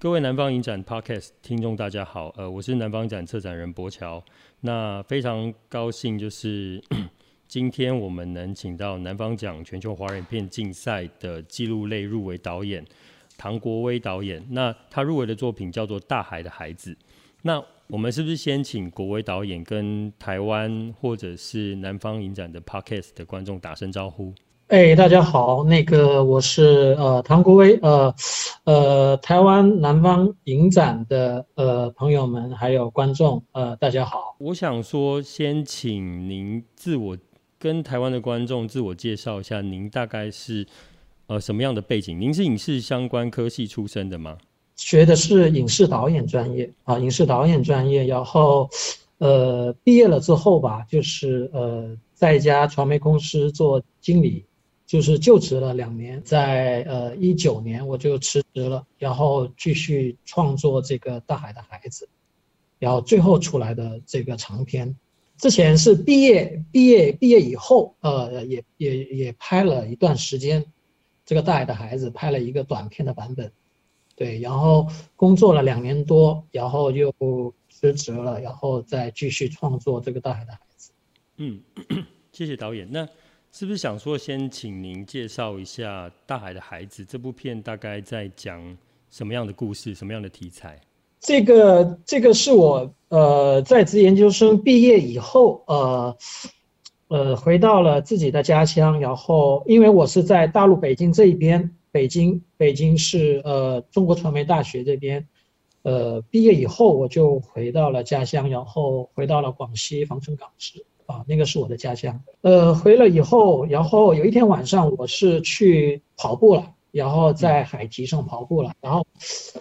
各位南方影展 podcast 聽眾大家好，呃，我是南方影展策展人柏喬，那非常高興就是今天我們能請到南方獎全球華人片競賽的紀錄類入圍導演唐國威導演，那他入圍的作品叫做《大海的孩子》，那我們是不是先請國威導演跟台灣或者是南方影展的 podcast 的觀眾打聲招呼？哎、欸，大家好，那個我是呃唐國威，呃呃台灣南方影展的呃朋友們還有觀眾呃，大家好。我想說，先請您自我跟台灣的觀眾自我介紹一下，您大概是呃什麼樣的背景？您是影視相關科系出身的嗎？學的是影視導演專業啊，影視導演專業，然後呃畢業了之後吧，就是呃在一家傳媒公司做經理。就是就職了兩年，在呃一九年我就辭職了，然後繼續創作這個《大海的孩子》，然後最後出來的這個長片。之前是畢業畢業畢業以後，呃也也也拍了一段時間，這個《大海的孩子》拍了一個短片的版本，對。然後工作了兩年多，然後又辭職了，然後再繼續創作這個《大海的孩子》嗯。嗯，謝謝導演。那。是不是想說，先請您介紹一下《大海的孩子》這部片，大概在講什麼樣的故事，什麼樣的題材？這個，這個是我呃在職研究生畢業以後，呃，呃回到了自己的家鄉，然後因為我是在大陸北京這一邊，北京，北京是呃中國傳媒大學這邊，呃畢業以後我就回到了家鄉，然後回到了廣西防城港市。啊，那個是我的家鄉。呃，回了以後，然後有一天晚上，我是去跑步了，然後在海堤上跑步了。然後，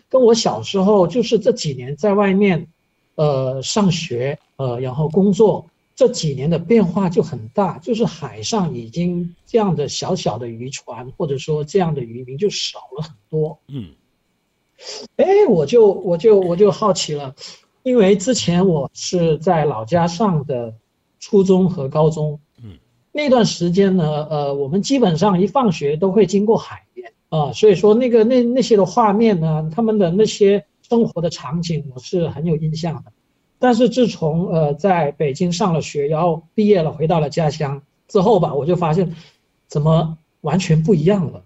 跟我小時候就是這幾年在外面，呃，上學，呃，然後工作這幾年的變化就很大，就是海上已經這樣的小小的漁船或者說這樣的漁民就少了很多。嗯，哎，我就我就我就好奇了，因為之前我是在老家上的。初中和高中，嗯，那段時間呢，呃，我們基本上一放學都會經過海邊啊、呃，所以說那個那那些的畫面呢，他們的那些生活的場景，我是很有印象的。但是自從呃，在北京上了學，然後畢業了，回到了家鄉之後吧，我就發現怎麼完全不一樣了，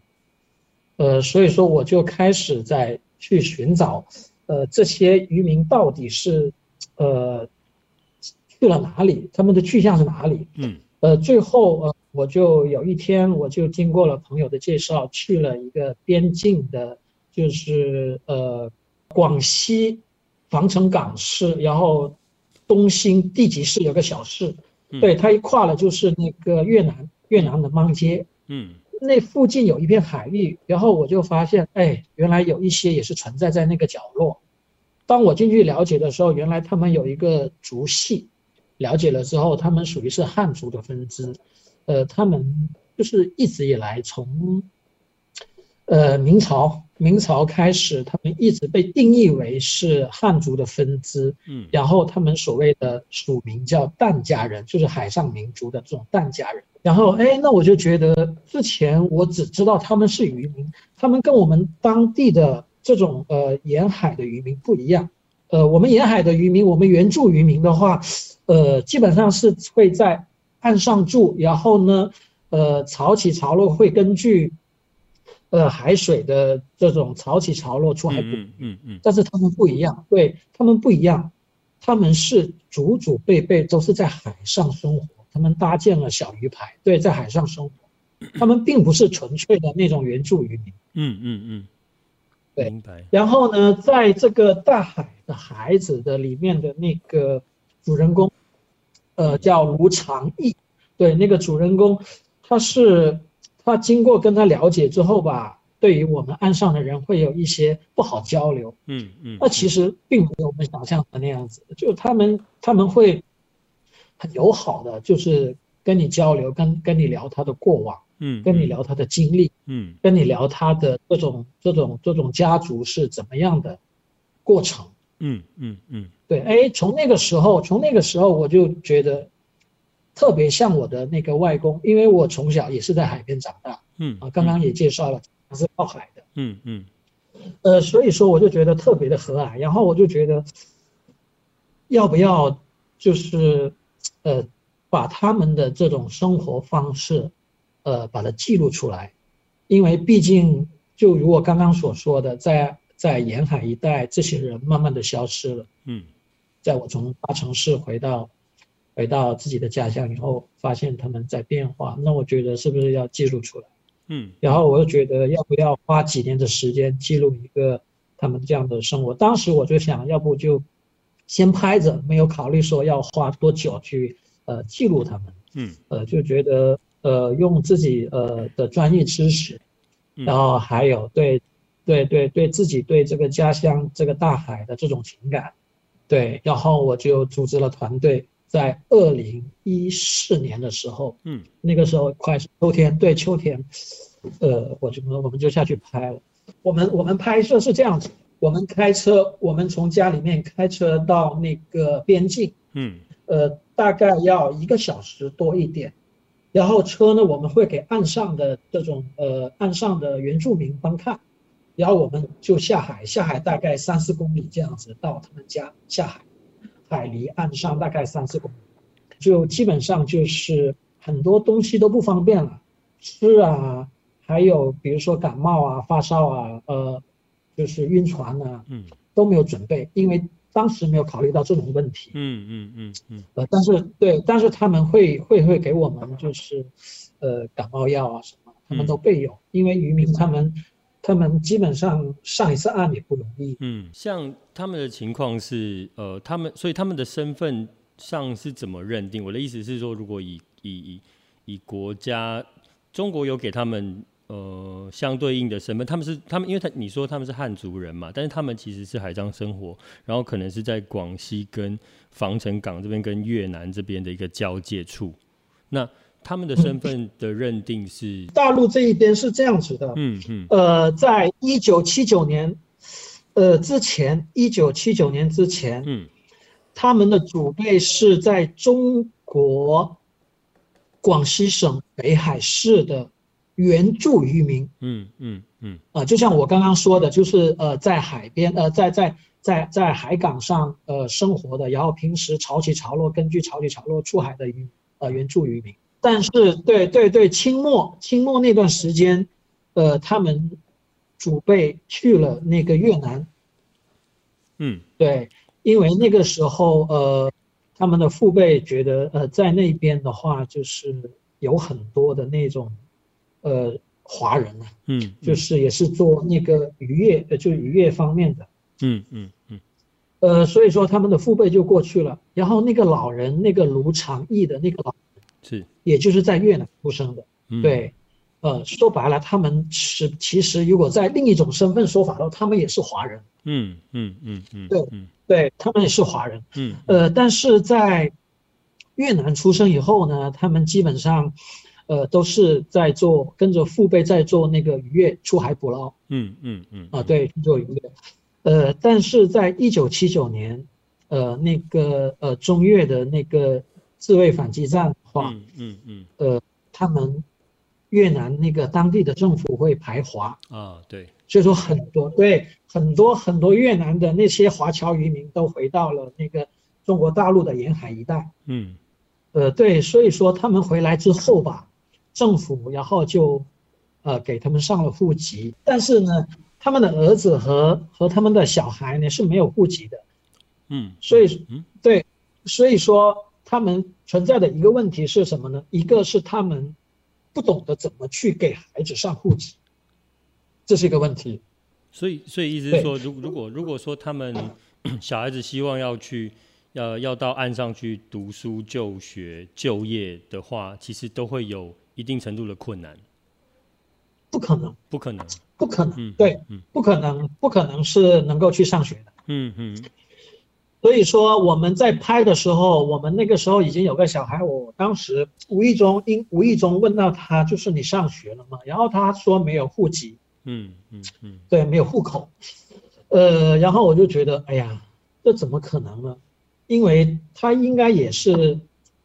呃，所以說我就開始在去尋找，呃，這些漁民到底是，呃。去了哪裡？他們的去向是哪裡？嗯，呃，最後呃，我就有一天，我就經過了朋友的介紹，去了一個邊境的，就是呃，廣西防城港市，然後東興地級市有個小市，嗯、對，它一跨了就是那個越南，越南的芒街，嗯，那附近有一片海域，然後我就發現，哎，原來有一些也是存在在那個角落。當我進去了解的時候，原來他們有一個族系。了解了之後，他們屬於是漢族的分支，呃，他們就是一直以來從，呃，明朝明朝開始，他們一直被定義為是漢族的分支，嗯，然後他們所謂的署名叫疍家人，就是海上民族的這種疍家人，然後，哎，那我就覺得之前我只知道他們是漁民，他們跟我們當地的這種呃沿海的漁民不一樣。呃，我們沿海的漁民，我們原住漁民的話，呃，基本上是會在岸上住，然後呢，呃，潮起潮落會根據，呃，海水的這種潮起潮落出海捕魚。嗯嗯，嗯，嗯。但是他們不一樣，對，他們不一樣，他們是祖祖輩輩都是在海上生活，他們搭建了小漁排，對，在海上生活，他們並不是純粹的那種原住漁民。嗯嗯嗯。嗯嗯嗯。對，然後呢，在這個大海的孩子的裡面的那個主人公，呃，叫盧長義。對，那個主人公，他是他經過跟他了解之後吧，對於我們岸上的人會有一些不好交流。嗯嗯。那、嗯、其實並不是我們想象的那樣子，就他們他們會很友好的，就是跟你交流，跟跟你聊他的過往。嗯，跟你聊他的經歷，嗯，跟你聊他的這種這種這種家族是怎麼樣的過程，嗯嗯嗯，對，哎，從那個時候，從那個時候我就覺得特別像我的那個外公，因為我從小也是在海邊長大，嗯，啊，剛剛也介紹了，他、嗯、是靠海的，嗯嗯，呃，所以說我就覺得特別的和藹，然後我就覺得要不要就是呃把他們的這種生活方式，呃，把它記錄出來，因為畢竟就如我剛剛所說的，在在沿海一帶，這些人慢慢的消失了。嗯，在我從大城市回到回到自己的家鄉以後，發現他們在變化，那我覺得是不是要記錄出來？嗯，然後我又覺得要不要花幾年的時間記錄一個他們這樣的生活？當時我就想，要不就先拍着，沒有考慮說要花多久去呃記錄他們。嗯，呃，就覺得。呃，用自己呃的專業知識，然後還有對，嗯、對對對，對自己對這個家鄉這個大海的這種情感，對，然後我就組織了團隊，在二零一四年的時候，嗯，那個時候快秋天，對秋天，呃，我就我們就下去拍了。我們我們拍攝是這樣子，我們開車，我們從家裡面開車到那個邊境，嗯，呃，大概要一個小時多一點。然後車呢，我們會給岸上的這種呃，岸上的原住民觀看，然後我們就下海，下海大概三四公里這樣子到他們家。下海，海離岸上大概三四公里，就基本上就是很多東西都不方便了，吃啊，還有比如說感冒啊、發燒啊，呃，就是暈船啊，嗯，都沒有準備，因為。當時沒有考慮到這種問題，嗯嗯嗯嗯，呃，但是對，但是他們會會會給我們就是，呃，感冒藥啊什麼，他們都備有。嗯，因為漁民他們他們基本上上一次岸也不容易，嗯，像他們的情況是，呃，他們所以他們的身份上是怎麼認定？我的意思是說，如果以以以國家，中國有給他們。呃，相對應的身份，他們是他們，因為他你說他們是漢族人嘛，但是他們其實是海上生活，然後可能是在廣西跟防城港這邊跟越南這邊的一個交界處，那他們的身份的認定是，嗯，大陸這一邊是這樣子的，嗯嗯，呃，在一九七九年，呃之前，一九七九年之前，嗯，他們的祖輩是在中國，廣西省北海市的原住漁民，嗯嗯嗯，啊、嗯呃，就像我剛剛說的，就是呃，在海邊，呃，在在在在海港上呃生活的，然後平時潮起潮落，根據潮起潮落出海的漁，呃，原住漁民。但是，對對對，對，清末清末那段時間，呃，他們祖輩去了那個越南。嗯，對，因為那個時候，呃，他們的父輩覺得，呃，在那邊的話，就是有很多的那種。呃，華人嗯，嗯，就是也是做那個漁業，呃，就是漁業方面的，嗯嗯嗯，呃，所以說他們的父輩就過去了，然後那個老人，那個盧長義的那個老人，是，也就是在越南出生的，嗯、對，呃，說白了，他們是其實如果在另一種身份說法的話，他們也是華人，嗯嗯嗯嗯，對嗯，對，他們也是華人，嗯，呃，但是在越南出生以後呢，他們基本上。呃，都是在做跟着父輩在做那個漁業出海捕撈。嗯嗯嗯。啊、嗯呃，對，做漁業。呃，但是在一九七九年，呃，那個呃中越的那個自衛反擊戰的話，嗯嗯嗯。呃，他們越南那個當地的政府會排華。啊、嗯，對、嗯。所以說很多對很多很多越南的那些華僑漁民都回到了那個中國大陸的沿海一帶。嗯。呃，對，所以說他們回來之後吧。政府然後就，呃，給他們上了戶籍，但是呢，他們的兒子和和他們的小孩呢是沒有戶籍的，嗯，所以，嗯，對，所以說他們存在的一個問題是什麼呢？一個是他們不懂得怎麼去給孩子上戶籍，這是一個問題。所以，所以意思是說，如如果如果說他們小孩子希望要去，要，呃，要到岸上去讀書、就學、就業的話，其實都會有。一定程度的困難，不可能，不可能，不可能，嗯、對、嗯，不可能，不可能是能夠去上學的，嗯嗯，所以說我們在拍的時候，我們那個時候已經有個小孩，我當時無意中因無意中問到他，就是你上學了嗎？然後他說沒有戶籍，嗯嗯嗯，對，沒有戶口，呃，然後我就覺得，哎呀，這怎麼可能呢？因為他應該也是，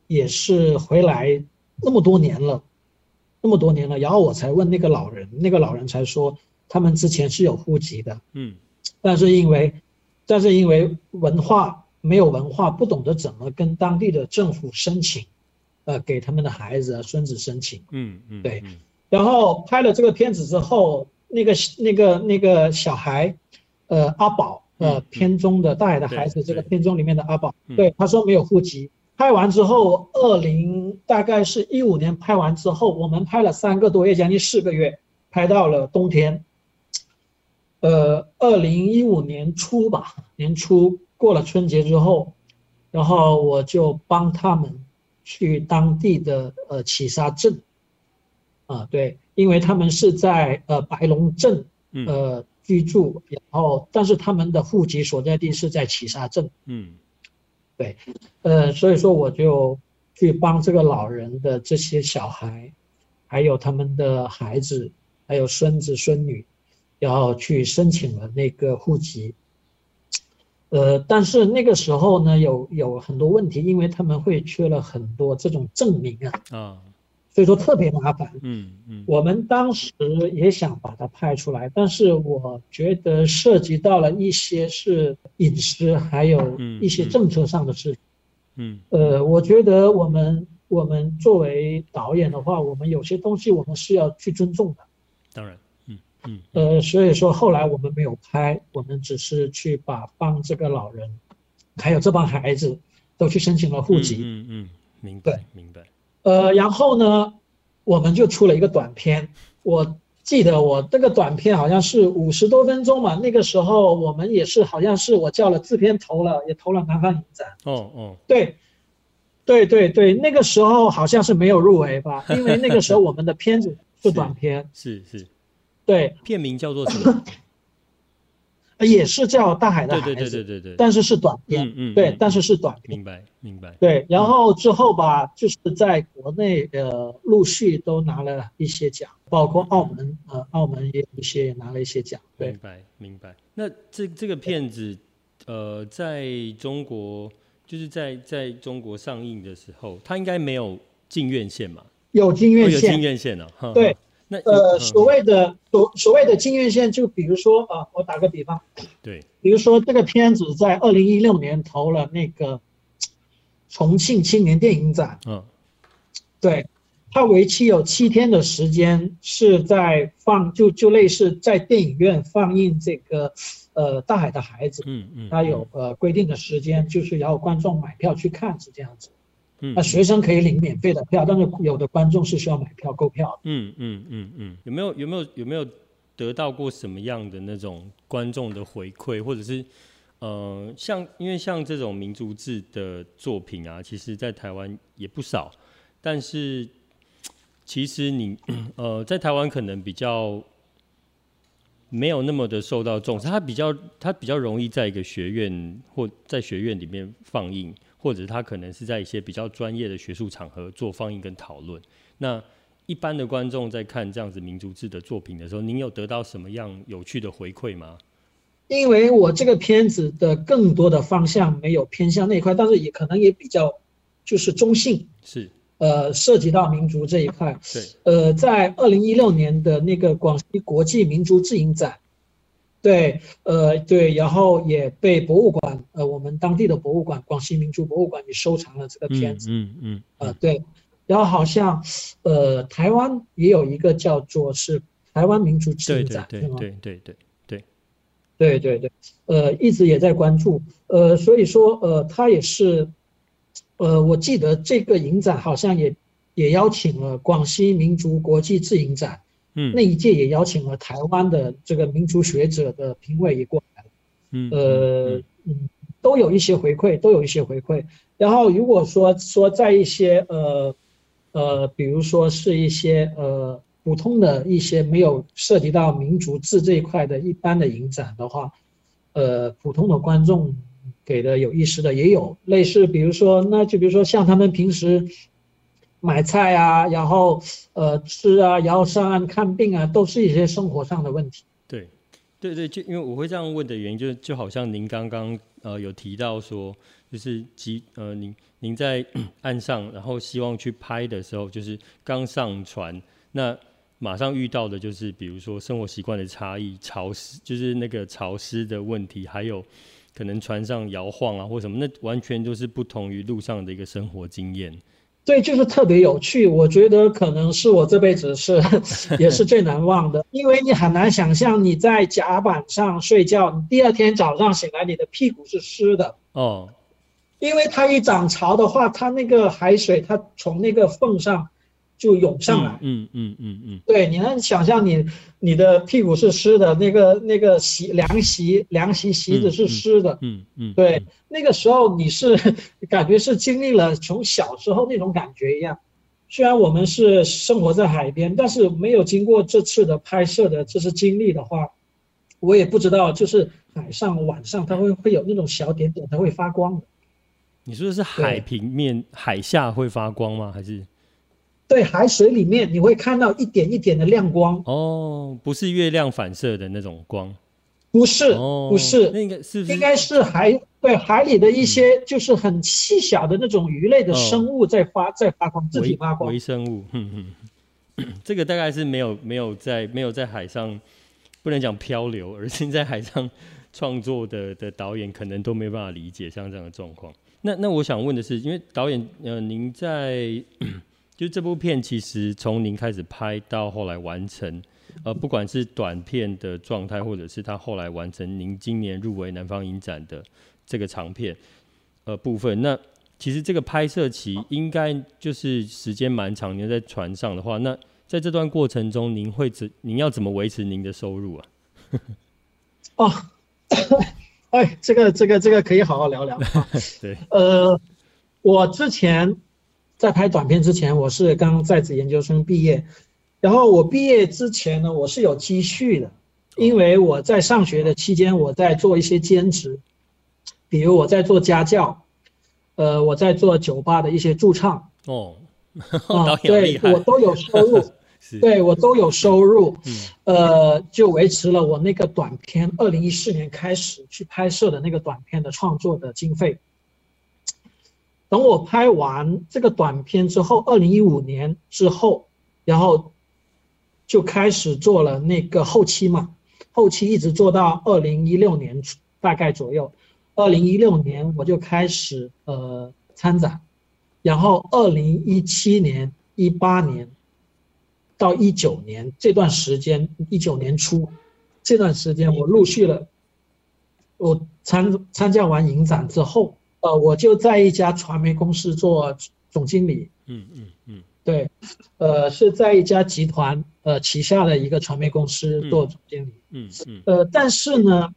也是回來那麼多年了。這麼多年了，然後我才問那個老人，那個老人才說他們之前是有戶籍的，嗯，但是因為，但是因為文化沒有文化，不懂得怎麼跟當地的政府申請，呃，給他們的孩子、孫子申請，嗯嗯，對、嗯嗯。然後拍了這個片子之後，那個那個那個小孩，呃，阿寶，嗯嗯、呃，片中的《大海的孩子》，對對對，這個片中裡面的阿寶，對，他說沒有戶籍。嗯嗯拍完之後，二零大概是一五年拍完之後，我們拍了三個多月，將近四個月，拍到了冬天。呃，二零一五年初吧，年初過了春節之後，然後我就幫他們去當地的呃企沙鎮，啊、呃、對，因為他們是在呃白龍鎮呃居住，然後但是他們的戶籍所在地是在企沙鎮，嗯。嗯對，呃，所以說我就去幫這個老人的這些小孩，還有他們的孩子，還有孫子孫女，然後去申請了那個戶籍，呃，但是那個時候呢，有有很多問題，因為他們會缺了很多這種證明啊。嗯所以說特別麻煩，嗯嗯，我們當時也想把它拍出來，但是我覺得涉及到了一些是隱私，還有一些政策上的事情，嗯嗯，嗯，呃，我覺得我們我們作為導演的話，我們有些東西我們是要去尊重的，當然，嗯嗯，嗯，呃，所以說後來我們沒有拍，我們只是去把幫這個老人，還有這幫孩子都去申請了戶籍，嗯嗯，嗯，明白，明白。呃，然後呢，我們就出了一個短片。我記得我那個短片好像是五十多分鐘嘛。那個時候我們也是，好像是我叫了製片投了，也投了南方影展。哦哦，對，對對對，那個時候好像是沒有入圍吧，因為那個時候我們的片子是短片， 是是，是，對，片名叫做什麼？ 也是叫大海的，對對對對對，對，但是是短片，嗯，對，嗯，但是是短片嗯，對，但是是短片，明白明白，對，然後之後吧，嗯、就是在國內呃陸續都拿了一些獎，包括澳門，呃，澳門也有一些拿了一些獎，對，明白明白。那這這個片子，呃，在中國就是在在中國上映的時候，它應該沒有進院線嘛？有進院線，哦，有禁院線了，哦。哈。對。那呃，所謂的所所謂的進院線，就比如說啊、呃，我打個比方，對，比如說這個片子在二零一六年投了那個重慶青年電影展，嗯、哦，對，它為期有七天的時間是在放，就就類似在電影院放映這個呃《大海的孩子》嗯，嗯嗯，它有呃規定的時間，就是要觀眾買票去看，是這樣子。嗯、那學生可以領免費的票，但是有的觀眾是需要買票購票。嗯嗯嗯嗯，有沒有有沒有有沒有得到過什麼樣的那種觀眾的回饋，或者是呃，像因為像這種民族志的作品啊，其實在台灣也不少，但是其實你呃在台灣可能比較。沒有那麼的受到重視，他比較他比較容易在一個學院或在學院裡面放映，或者他可能是在一些比較專業的學術場合做放映跟討論。那一般的觀眾在看這樣子民族志的作品的時候，您有得到什麼樣有趣的回饋嗎？因為我這個片子的更多的方向沒有偏向那一塊，但是也可能也比較就是中性。是。呃，涉及到民族這一塊，呃，在二零一六年的那個廣西國際民族誌影展，對，呃，對，然後也被博物館，呃，我們當地的博物館，廣西民族博物館也收藏了這個片子，嗯嗯，啊、嗯呃、對，然後好像，呃，台灣也有一個叫做是台灣民族誌影展，對對對對對對對對對對，對，對，對對對，呃，一直也在關注，呃，所以說，呃，它也是。呃，我記得這個影展好像也也邀請了廣西民族國際志影展，嗯，那一屆也邀請了台灣的這個民族學者的評委也過來了、呃、嗯，呃、嗯，嗯，都有一些回饋，都有一些回饋。然後如果說說在一些呃呃，比如說是一些呃普通的一些沒有涉及到民族志這一塊的一般的影展的話，呃，普通的觀眾。給的有意思的也有類似，比如說那就比如說像他們平時買菜啊，然後呃吃啊，然後上岸看病啊，都是一些生活上的問題。對，對對，就因為我會這樣問的原因就，就就好像您剛剛呃有提到說，就是即呃您您在岸上，然後希望去拍的時候，就是剛上船，那馬上遇到的就是比如說生活習慣的差異，潮濕就是那個潮濕的問題，還有。可能船上搖晃啊，或什麼，那完全就是不同於路上的一個生活經驗。對，就是特別有趣。我覺得可能是我這輩子是，也是最難忘的， 因為你很難想象你在甲板上睡覺，你第二天早上醒來，你的屁股是濕的。哦、oh.，因為它一漲潮的話，它那個海水它從那個縫上。就湧上來，嗯嗯嗯嗯，對，你能想象，你你的屁股是濕的，那個那個席涼席涼席，席席子是濕的，嗯嗯，嗯，對，那個時候你是感覺是經歷了從小時候那種感覺一樣，雖然我們是生活在海邊，但是沒有經過這次的拍攝的這次經歷的話，我也不知道，就是海上晚上它會會有那種小點點，它會發光。你說的是海平面海下會發光嗎？還是？對，海水裡面，你會看到一點一點的亮光哦，不是月亮反射的那種光，不是，哦、不是，那應該是不是應該是海對海裡的一些就是很細小的那種魚類的生物在發、嗯、在發光，自己發光，微，微生物， 這個大概是沒有沒有在沒有在海上，不能講漂流，而是在海上創作的的導演可能都沒辦法理解像這樣的狀況。那那我想問的是，因為導演呃，您在。 就這部片，其實從您開始拍到後來完成，呃，不管是短片的狀態，或者是它後來完成，您今年入圍南方影展的這個長片呃部分，那其實這個拍攝期應該就是時間蠻長。您在船上的話，那在這段過程中，您會怎，您要怎麼維持您的收入啊？ 哦，哎，這個這個這個可以好好聊聊 對，呃，我之前。在拍短片之前，我是剛在職研究生畢業，然後我畢業之前呢，我是有積蓄的，因為我在上學的期間，我在做一些兼職，比如我在做家教，呃，我在做酒吧的一些駐唱。哦，好厲害。嗯，對，我都有收入， 對，我都有收入，呃，就維持了我那個短片，二零一四年開始去拍攝的那個短片的創作的經費。等我拍完這個短片之後，二零一五年之後，然後就開始做了那個後期嘛，後期一直做到二零一六年大概左右，二零一六年我就開始呃參展，然後二零一七年、一八年到一九年這段時間，一九年初這段時間我陸續了，我參參加完影展之後。呃，我就在一家傳媒公司做總經理。嗯嗯嗯，對，呃，是在一家集團呃旗下的一個傳媒公司做總經理。嗯，嗯，嗯呃，但是呢，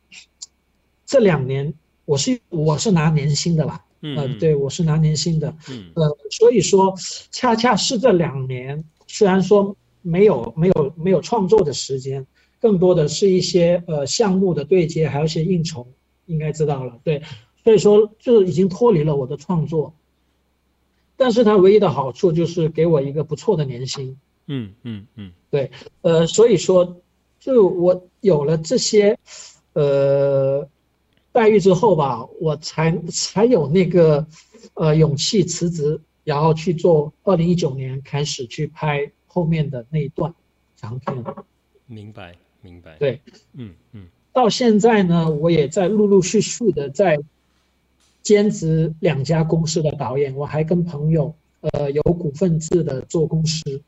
這兩年我是我是拿年薪的啦。嗯、呃，對，我是拿年薪的。嗯，嗯、呃，所以說恰恰是這兩年，雖然說沒有沒有沒有創作的時間，更多的是一些呃項目的對接，還有一些應酬，應該知道了，對。所以說，就已經脫離了我的創作，但是它唯一的好處就是給我一個不錯的年薪。嗯嗯嗯，對，呃，所以說，就我有了這些，呃，待遇之後吧，我才才有那個，呃，勇氣辭職，然後去做二零一九年開始去拍後面的那一段長片。嗯、明白，明白。對，嗯嗯。到現在呢，我也在陸陸續續續的在。兼職兩家公司的導演，我還跟朋友，呃，有股份制的做公司，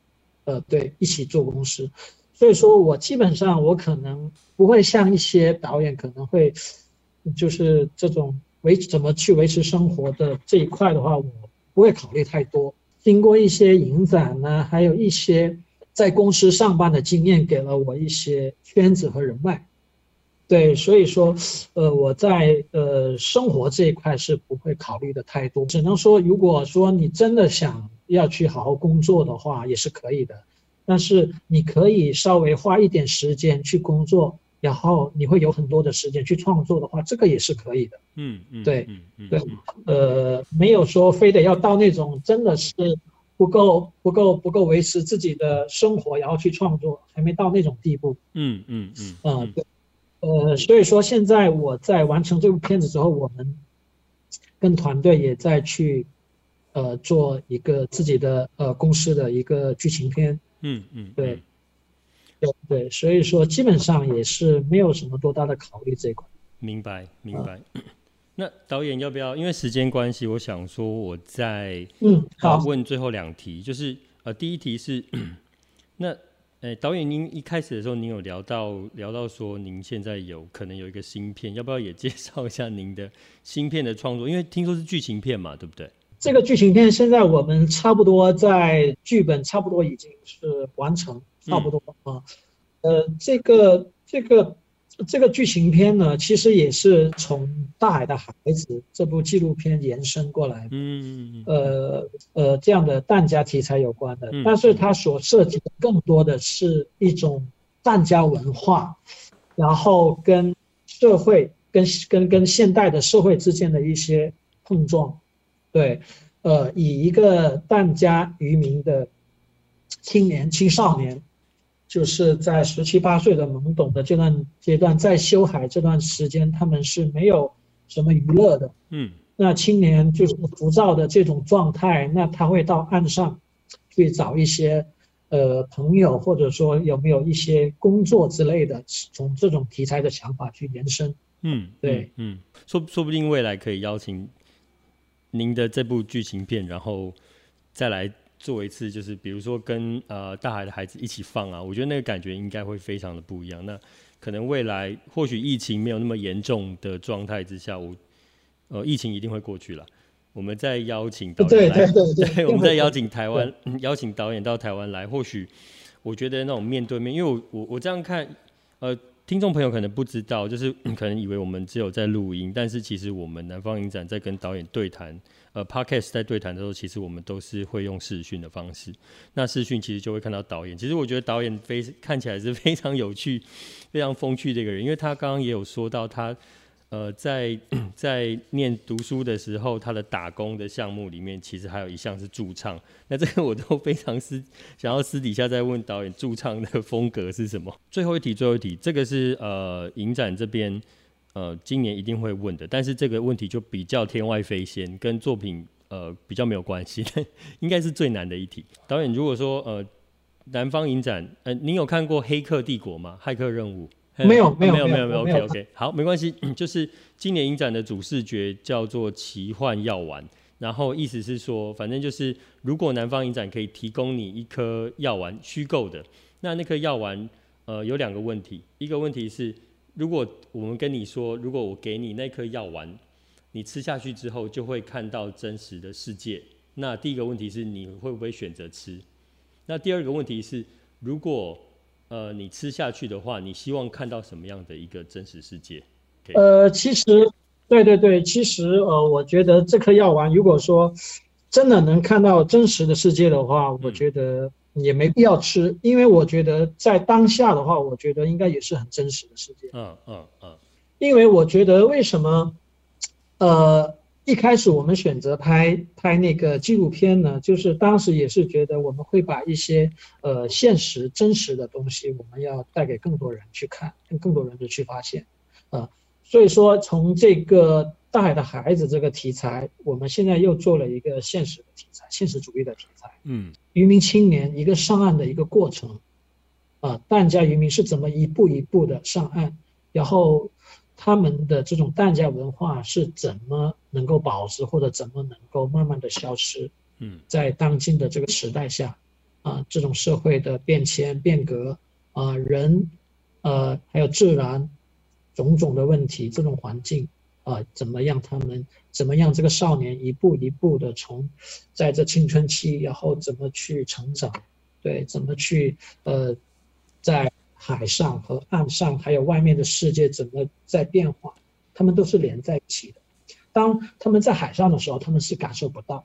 呃，對，一起做公司。所以說我基本上我可能不會像一些導演可能會，就是這種維怎麼去維持生活的這一塊的話，我不會考慮太多。經過一些影展呢，啊，還有一些在公司上班的經驗，給了我一些圈子和人脈。對，所以說，呃，我在呃生活這一塊是不會考慮的太多，只能說，如果說你真的想要去好好工作的話，也是可以的。但是你可以稍微花一點時間去工作，然後你會有很多的時間去創作的話，這個也是可以的。嗯嗯，對對，呃，沒有說非得要到那種真的是不夠不夠不夠維持自己的生活，然後去創作，還沒到那種地步。嗯嗯嗯嗯，呃，對。呃，所以說現在我在完成這部片子之後，我們跟團隊也在去，呃，做一個自己的呃公司的一個劇情片。嗯嗯，對，對、嗯、對，所以說基本上也是沒有什麼多大的考慮這一塊。明白明白、呃。那導演要不要？因為時間關係，我想說我再嗯，好，問最後兩題，嗯、就是呃，第一題是那。哎、欸，導演，您一開始的時候，您有聊到聊到說，您現在有可能有一個新片，要不要也介紹一下您的新片的創作？因為聽說是劇情片嘛，對不對？這個劇情片現在我們差不多在劇本，差不多已經是完成，差不多啊、嗯，呃，這個這個。這個劇情片呢，其實也是從《大海的孩子》這部紀錄片延伸過來的嗯嗯，嗯，呃呃，這樣的疍家題材有關的，但是它所涉及的更多的是一種疍家文化，然後跟社會、跟跟跟現代的社會之間的一些碰撞，對，呃，以一個疍家漁民的青年青少年，就是在十七八歲的懵懂的這段階段，段在修海這段時間，他們是沒有什麼娛樂的。嗯，那青年就是浮躁的這種狀態，那他會到岸上去找一些，呃，朋友或者說有沒有一些工作之類的，從這種題材的想法去延伸。嗯，對，嗯，說、嗯、說不定未來可以邀請您的這部劇情片，然後再來。做一次，就是比如說跟呃大海的孩子一起放啊，我覺得那個感覺應該會非常的不一樣。那可能未來或許疫情沒有那麼嚴重的狀態之下，我呃疫情一定會過去了。我們再邀請導演來，對對對、對、對， 我們再邀請台灣、嗯、邀請導演到台灣來，或許我覺得那種面對面，因為我我我這樣看呃。聽眾朋友可能不知道，就是你可能以為我們只有在錄音，但是其實我們南方影展在跟導演對談，呃，Podcast 在對談的時候，其實我們都是會用視訊的方式。那視訊其實就會看到導演，其實我覺得導演非看起來是非常有趣、非常風趣的一個人，因為他剛剛也有說到他。呃，在在念讀書的時候，他的打工的項目裡面，其實還有一項是駐唱。那這個我都非常私，想要私底下再問導演駐唱的風格是什麼？最後一題，最後一題，這個是呃影展這邊呃今年一定會問的，但是這個問題就比較天外飛仙，跟作品呃比較沒有關係，應該是最難的一題。導演如果說呃南方影展呃，你有看過《黑客帝國》嗎？《駭客任務》？ 啊、沒有沒有沒有沒有沒有 OK OK 好，沒關係，就是今年影展的主視覺叫做奇幻藥丸，然後意思是說，反正就是如果南方影展可以提供你一顆藥丸，虛構的，那那顆藥丸，呃，有兩個問題，一個問題是如果我們跟你說，如果我給你那顆藥丸，你吃下去之後就會看到真實的世界，那第一個問題是你會不會選擇吃？那第二個問題是如果。呃，你吃下去的話，你希望看到什麼樣的一個真實世界？Okay. 呃，其實，對對對，其實呃，我覺得這顆藥丸，如果說真的能看到真實的世界的話，我覺得也沒必要吃，嗯、因為我覺得在當下的話，我覺得應該也是很真實的世界。嗯嗯嗯，因為我覺得為什麼，呃。一開始我們選擇拍拍那個紀錄片呢，就是當時也是覺得我們會把一些呃現實真實的東西，我們要帶給更多人去看，跟更多人去發現，啊、呃，所以說從這個大海的孩子這個題材，我們現在又做了一個現實的題材，現實主義的題材，嗯，漁民青年一個上岸的一個過程，啊、呃，疍家漁民是怎麼一步一步的上岸，然後。他們的這種疍家文化是怎麼能夠保持，或者怎麼能夠慢慢的消失？嗯，在當今的這個時代下，啊，這種社會的變遷、變革，啊，人，呃，還有自然，種種的問題，這種環境，啊，怎麼讓他們，怎麼讓這個少年一步一步的從，在這青春期，然後怎麼去成長？對，怎麼去，呃，在。海上和岸上，還有外面的世界，整個在變化，他們都是連在一起的。當他們在海上的時候，他們是感受不到；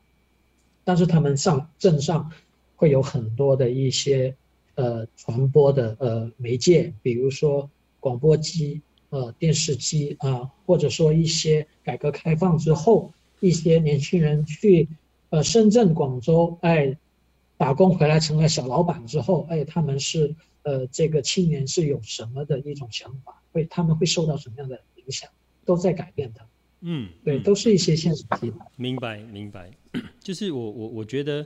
但是他們上鎮上，會有很多的一些呃傳播的呃媒介，比如說廣播機、呃電視機啊、呃，或者說一些改革開放之後一些年輕人去呃深圳、廣州，哎。打工回來成了小老板之後，哎、欸，他們是呃，這個青年是有什麼的一種想法？會他們會受到什麼樣的影響？都在改變的、嗯。嗯，對，都是一些現實題材。明白，明白。就是我我我覺得，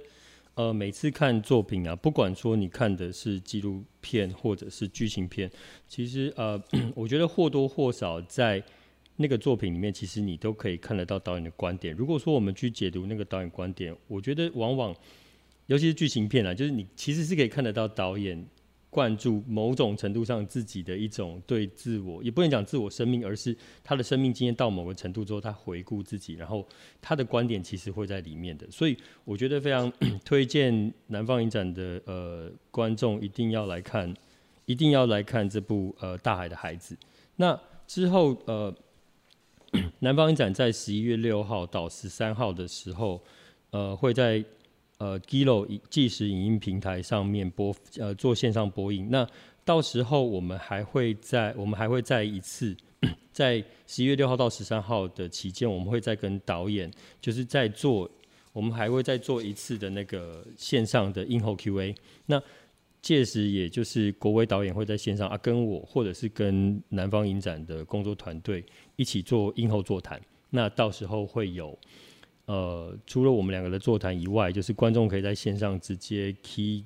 呃，每次看作品啊，不管說你看的是紀錄片或者是劇情片，其實呃，我覺得或多或少在那個作品裡面，其實你都可以看得到導演的觀點。如果說我們去解讀那個導演觀點，我覺得往往。尤其是劇情片啊，就是你其實是可以看得到導演灌注，某種程度上自己的一種對自我，也不能講自我生命，而是他的生命經驗到某個程度之後，他回顧自己，然後他的觀點其實會在裡面的。所以我覺得非常 推薦南方影展的呃觀眾一定要來看，一定要來看這部呃《大海的孩子》。那之後呃，南方影展在十一月六號到十三號的時候，呃會在。呃，Giro 即時影音平台上面播呃做線上播映。那到時候我們還會在我們還會再一次在十一月六號到十三號的期間，我們會再跟導演就是再做我們還會再做一次的那個線上的映後 Q&A。那屆時也就是國威導演會在線上啊跟我或者是跟南方影展的工作團隊一起做映後座談。那到時候會有。呃，除了我們兩個的座談以外，就是觀眾可以在線上直接 key，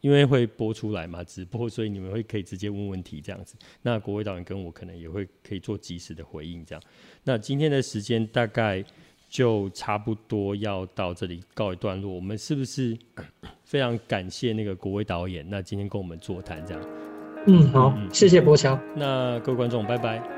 因為會播出來嘛，直播，所以你們會可以直接問問題這樣子。那國威導演跟我可能也會可以做即時的回應這樣。那今天的時間大概就差不多要到這裡告一段落，我們是不是非常感謝那個國威導演，那今天跟我們座談這樣？嗯，好，嗯、謝謝柏喬。那各位觀眾，拜拜。